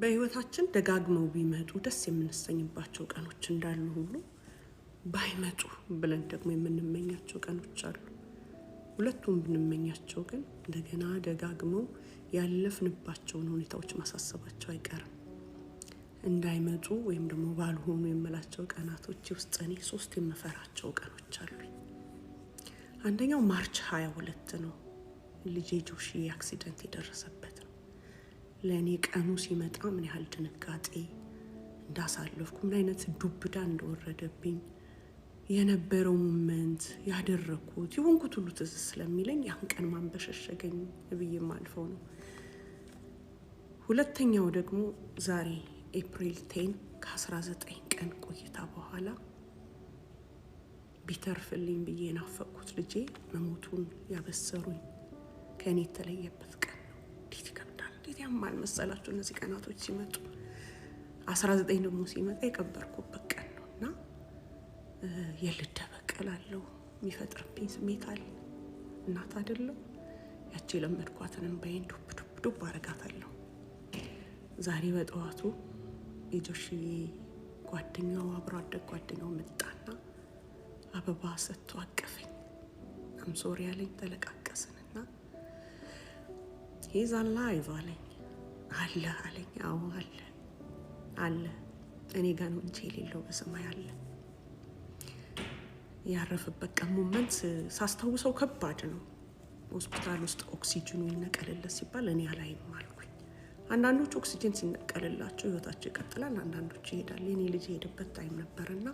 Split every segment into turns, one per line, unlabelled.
በህይወታችን ደጋግመው ቢመጡ ደስ የምንሰኝባቸው ቀኖች እንዳሉ ሁሉ ባይመጡ ብለን ደግሞ የምንመኛቸው ቀኖች አሉ። ሁለቱም ብንመኛቸው ግን እንደገና ደጋግመው ያለፍንባቸውን ሁኔታዎች ማሳሰባቸው አይቀርም። እንዳይመጡ ወይም ደግሞ ባልሆኑ የምላቸው ቀናቶች ውስጥ እኔ ሶስት የምፈራቸው ቀኖች አሉ። አንደኛው ማርች ሁለት ነው፣ ልጄ ጆሺ አክሲደንት የደረሰበት ለእኔ ቀኑ ሲመጣ ምን ያህል ድንጋጤ እንዳሳለፍኩ ምን አይነት ዱብዳ እንደወረደብኝ የነበረው ሙመንት ያደረግኩት የሆንኩት ሁሉ ትዝ ስለሚለኝ ያን ቀን ማን በሸሸገኝ ብዬ አልፈው ነው። ሁለተኛው ደግሞ ዛሬ ኤፕሪል ቴን ከ19 ቀን ቆይታ በኋላ ቢተርፍልኝ ብዬ ናፈቅኩት ልጄ መሞቱን ያበሰሩኝ ከእኔ የተለየበት ቀን ነው። እንዴት ያማል መሰላችሁ! እነዚህ ቀናቶች ሲመጡ አስራ ዘጠኝ ደግሞ ሲመጣ የቀበርኩበት ቀን ነው እና በቀል አለው የሚፈጥርብኝ ስሜት አለ። እናት አይደለም ያቺ የለመድኳትን በይን ዱብ ዱብ ዱብ አረጋታለሁ። ዛሬ በጠዋቱ የጆሽ ጓደኛው አብሮ አደግ ጓደኛው መጣና አበባ ሰጥቶ አቀፈኝ። አምሶሪ ያለኝ ተለቃ ሂዝ አላይቭ አለኝ። አለ አለኝ። አዎ አለ አለ። እኔ ጋ ነው እንጂ የሌለው በሰማይ አለ። ያረፈበት ቀን ሞመንት ሳስታውሰው ከባድ ነው። ሆስፒታል ውስጥ ኦክሲጅኑ ይነቀልለት ሲባል እኔ አላይም አልኩኝ። አንዳንዶች ኦክሲጅን ሲነቀልላቸው ህይወታቸው ይቀጥላል፣ አንዳንዶች ይሄዳል። የኔ ልጅ የሄደበት ታይም ነበርና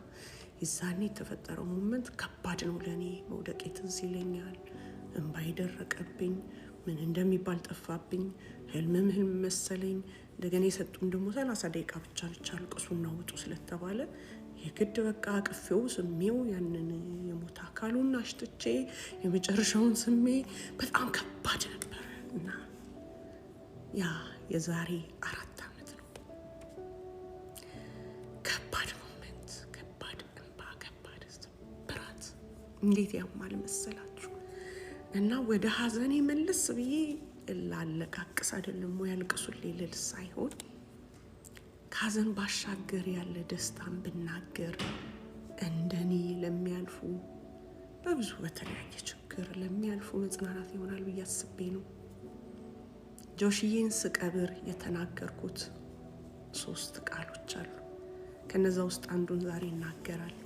የዛኔ የተፈጠረው ሞመንት ከባድ ነው ለእኔ። መውደቄ ትዝ ይለኛል። እንባ የደረቀብኝ ምን እንደሚባል ጠፋብኝ። ህልምም ህልም መሰለኝ። እንደገና የሰጡን ደግሞ ሰላሳ ደቂቃ ብቻ ብቻ አልቅሱና ውጡ ስለተባለ የግድ በቃ አቅፌው ስሜው ያንን የሞት አካሉን አሽትቼ የመጨረሻውን ስሜ በጣም ከባድ ነበር እና ያ የዛሬ አራት ዓመት ነው። ከባድ ሞመንት፣ ከባድ እንባ፣ ከባድ ብራት እንዴት ያማል መሰላት። እና ወደ ሀዘኔ መለስ ብዬ ላለቃቅስ አይደለም ያልቅሱልኝ ልል ሳይሆን ከሀዘን ባሻገር ያለ ደስታን ብናገር እንደኔ ለሚያልፉ በብዙ በተለያየ ችግር ለሚያልፉ መጽናናት ይሆናል ብዬ አስቤ ነው። ጆሽዬን ስቀብር የተናገርኩት ሶስት ቃሎች አሉ። ከነዛ ውስጥ አንዱን ዛሬ ይናገራል።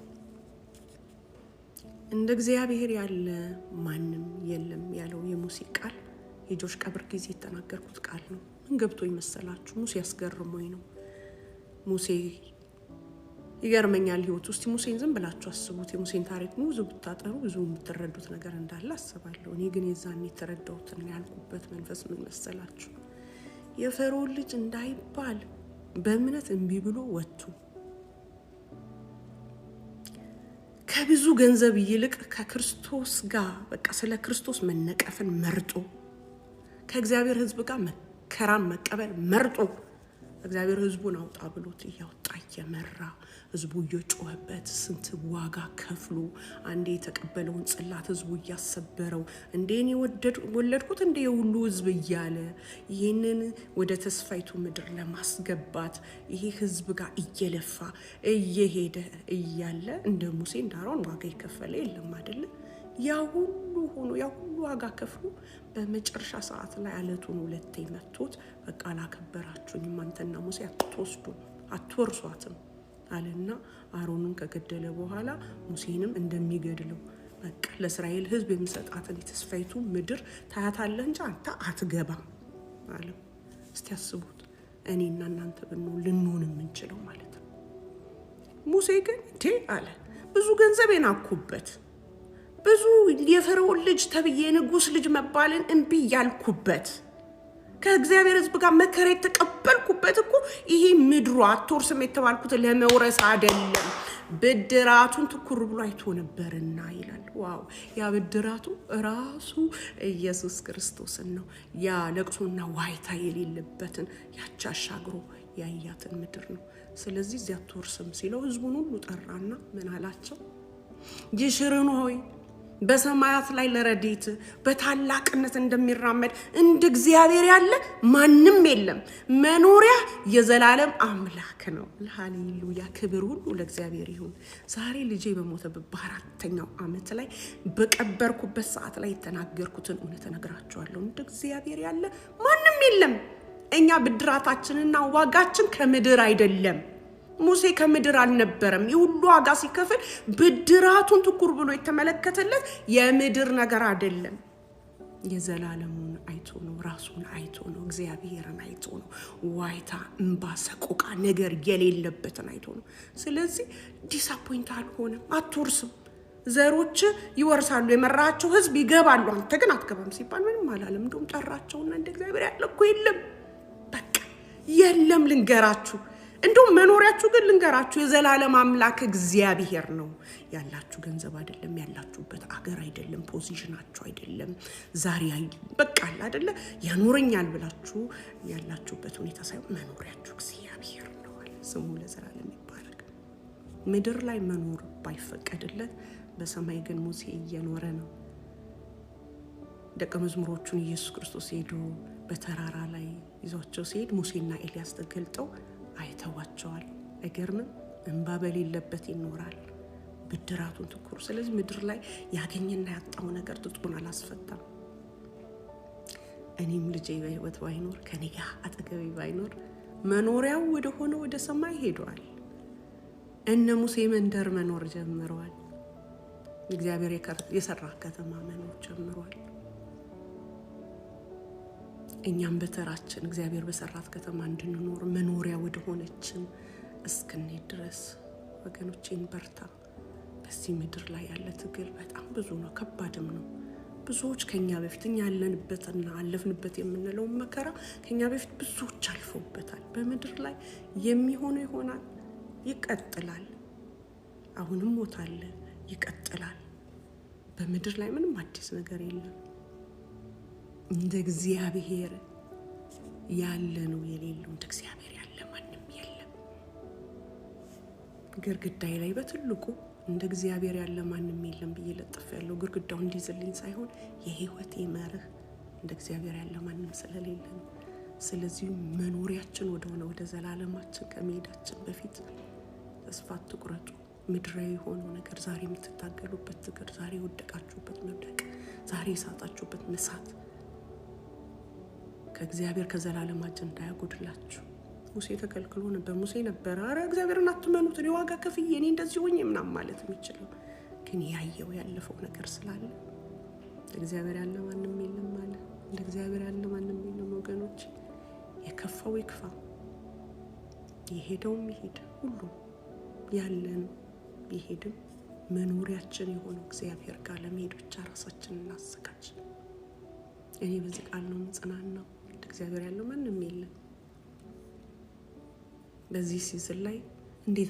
እንደ እግዚአብሔር ያለ ማንም የለም ያለው የሙሴ ቃል የጆሽ ቀብር ጊዜ የተናገርኩት ቃል ነው። ምን ገብቶ ይመሰላችሁ? ሙሴ ያስገርሞኝ ነው። ሙሴ ይገርመኛል ህይወት ውስጥ ሙሴን ዝም ብላችሁ አስቡት። የሙሴን ታሪክ ብዙ ብታጠሩ ብዙ የምትረዱት ነገር እንዳለ አስባለሁ። እኔ ግን የዛን የተረዳሁትን ያልኩበት መንፈስ ምን መሰላችሁ? የፈርዖን ልጅ እንዳይባል በእምነት እምቢ ብሎ ወጥቶ ከብዙ ገንዘብ ይልቅ ከክርስቶስ ጋር በቃ ስለ ክርስቶስ መነቀፍን መርጦ ከእግዚአብሔር ሕዝብ ጋር መከራን መቀበል መርጦ እግዚአብሔር ሕዝቡን አውጣ ብሎት እያወጣ እየመራ ህዝቡ እየጮኸበት ስንት ዋጋ ከፍሎ አንዴ የተቀበለውን ጽላት ህዝቡ እያሰበረው እንዴን ወለድኩት እንደ ሁሉ ህዝብ እያለ ይህንን ወደ ተስፋይቱ ምድር ለማስገባት ይሄ ህዝብ ጋር እየለፋ እየሄደ እያለ እንደ ሙሴ እንዳሮን ዋጋ የከፈለ የለም አይደለ? ያ ሁሉ ሆኖ ያ ሁሉ ዋጋ ከፍሎ በመጨረሻ ሰዓት ላይ አለቱን ሁለቴ መቶት በቃ አላከበራችሁኝም፣ አንተና ሙሴ አትወስዱ አትወርሷትም አለና አሮንን ከገደለ በኋላ ሙሴንም እንደሚገድለው በቃ ለእስራኤል ሕዝብ የሚሰጣትን የተስፋይቱ ምድር ታያታለህ እንጂ አንተ አትገባም አለ። እስቲ አስቡት እኔና እናንተ ብንሆን ልንሆን የምንችለው ማለት ነው። ሙሴ ግን እንዴ አለ፣ ብዙ ገንዘብ የናኩበት ብዙ የፈርዖን ልጅ ተብዬ ንጉስ ልጅ መባልን እምቢ ያልኩበት ከእግዚአብሔር ሕዝብ ጋር መከራ የተቀበልኩበት እኮ ይሄ ምድሩ አትወርስም የተባልኩት ለመውረስ አይደለም፣ ብድራቱን ትኩር ብሎ አይቶ ነበርና ይላል። ዋው! ያ ብድራቱ ራሱ ኢየሱስ ክርስቶስን ነው። ያ ለቅሶና ዋይታ የሌለበትን ያቻ አሻግሮ ያያትን ምድር ነው። ስለዚህ እዚያ አትወርስም ሲለው ሕዝቡን ሁሉ ጠራና ምን አላቸው? ይሽርን ሆይ በሰማያት ላይ ለረዴት በታላቅነት እንደሚራመድ እንደ እግዚአብሔር ያለ ማንም የለም። መኖሪያ የዘላለም አምላክ ነው። ሃሌሉያ! ክብር ሁሉ ለእግዚአብሔር ይሁን። ዛሬ ልጄ በሞተ በአራተኛው ዓመት ላይ በቀበርኩበት ሰዓት ላይ የተናገርኩትን እውነት እነግራችኋለሁ። እንደ እግዚአብሔር ያለ ማንም የለም። እኛ ብድራታችንና ዋጋችን ከምድር አይደለም። ሙሴ ከምድር አልነበረም። የሁሉ ዋጋ ሲከፍል ብድራቱን ትኩር ብሎ የተመለከተለት የምድር ነገር አይደለም። የዘላለሙን አይቶ ነው። ራሱን አይቶ ነው። እግዚአብሔርን አይቶ ነው። ዋይታ፣ እንባ፣ ሰቆቃ ነገር የሌለበትን አይቶ ነው። ስለዚህ ዲሳፖይንት አልሆነም። አትወርስም። ዘሮች ይወርሳሉ። የመራቸው ህዝብ ይገባሉ። አንተ ግን አትገባም ሲባል ምንም አላለም። እንደውም ጠራቸውና እንደ እግዚአብሔር ያለ እኮ የለም፣ በቃ የለም። ልንገራችሁ እንደውም መኖሪያችሁ ግን ልንገራችሁ፣ የዘላለም አምላክ እግዚአብሔር ነው። ያላችሁ ገንዘብ አይደለም፣ ያላችሁበት አገር አይደለም፣ ፖዚሽናችሁ አይደለም። ዛሬ አለ አይደለ ያኖረኛል ብላችሁ ያላችሁበት ሁኔታ ሳይሆን መኖሪያችሁ እግዚአብሔር ነው። ስሙ ለዘላለም ይባረክ። ምድር ላይ መኖር ባይፈቀድለት በሰማይ ግን ሙሴ እየኖረ ነው። ደቀ መዝሙሮቹን ኢየሱስ ክርስቶስ ሄዶ በተራራ ላይ ይዟቸው ሲሄድ ሙሴና ኤልያስ ተገልጠው ይተዋቸዋል። አይገርምም? እንባ በሌለበት ይኖራል። ብድራቱን ትኩር ስለዚህ ምድር ላይ ያገኘና ያጣው ነገር ትጡን አላስፈታም። እኔም ልጄ በህይወት ባይኖር ከኔ አጠገቤ ባይኖር መኖሪያው ወደ ሆነ ወደ ሰማይ ሄዷል። እነ ሙሴ መንደር መኖር ጀምረዋል። እግዚአብሔር የሰራ ከተማ መኖር ጀምረዋል። እኛም በተራችን እግዚአብሔር በሰራት ከተማ እንድንኖር መኖሪያ ወደ ሆነችን እስክንሄድ ድረስ ወገኖቼን በርታ። በዚህ ምድር ላይ ያለ ትግል በጣም ብዙ ነው፣ ከባድም ነው። ብዙዎች ከኛ በፊት እኛ ያለንበትና አለፍንበት የምንለውን መከራ ከኛ በፊት ብዙዎች አልፈውበታል። በምድር ላይ የሚሆነው ይሆናል፣ ይቀጥላል። አሁንም ሞት አለ፣ ይቀጥላል። በምድር ላይ ምንም አዲስ ነገር የለም። እንደ እግዚአብሔር ያለ ነው የሌለው። እንደ እግዚአብሔር ያለ ማንም የለም። ግርግዳይ ላይ በትልቁ እንደ እግዚአብሔር ያለ ማንም የለም ብዬ ለጥፍ ያለው ግርግዳው እንዲዝልኝ ሳይሆን የህይወቴ መርህ እንደ እግዚአብሔር ያለ ማንም ስለሌለ ነው። ስለዚህ መኖሪያችን ወደሆነ ወደ ዘላለማችን ከመሄዳችን በፊት ተስፋ አትቁረጡ። ምድራዊ የሆነው ነገር ዛሬ የምትታገሉበት ትግር፣ ዛሬ የወደቃችሁበት መውደቅ፣ ዛሬ የሳጣችሁበት መሳት ከእግዚአብሔር አጀንዳ ያጎድላችሁ ሙሴ ተከልክሎ ነበር። ሙሴ ነበረ አረ እግዚአብሔርን አትመኑት እኔ ዋጋ ከፍዬ እኔ እንደዚህ ሆኜ ምናምን ማለት የሚችለው ግን ያየው ያለፈው ነገር ስላለ እግዚአብሔር ያለ ማንም የለም አለ። እንደ እግዚአብሔር ያለ ማንም የለም ወገኖች። የከፋው ይክፋ፣ የሄደውም ይሄድ፣ ሁሉም ያለን ቢሄድም መኖሪያችን የሆነው እግዚአብሔር ጋር ለመሄድ ብቻ ራሳችንን እናዘጋጅ። እኔ በዚህ ቃል ነው ምጽናናው። እግዚአብሔር ያለው ማንም የለም። በዚህ ሲዝን ላይ እንዴት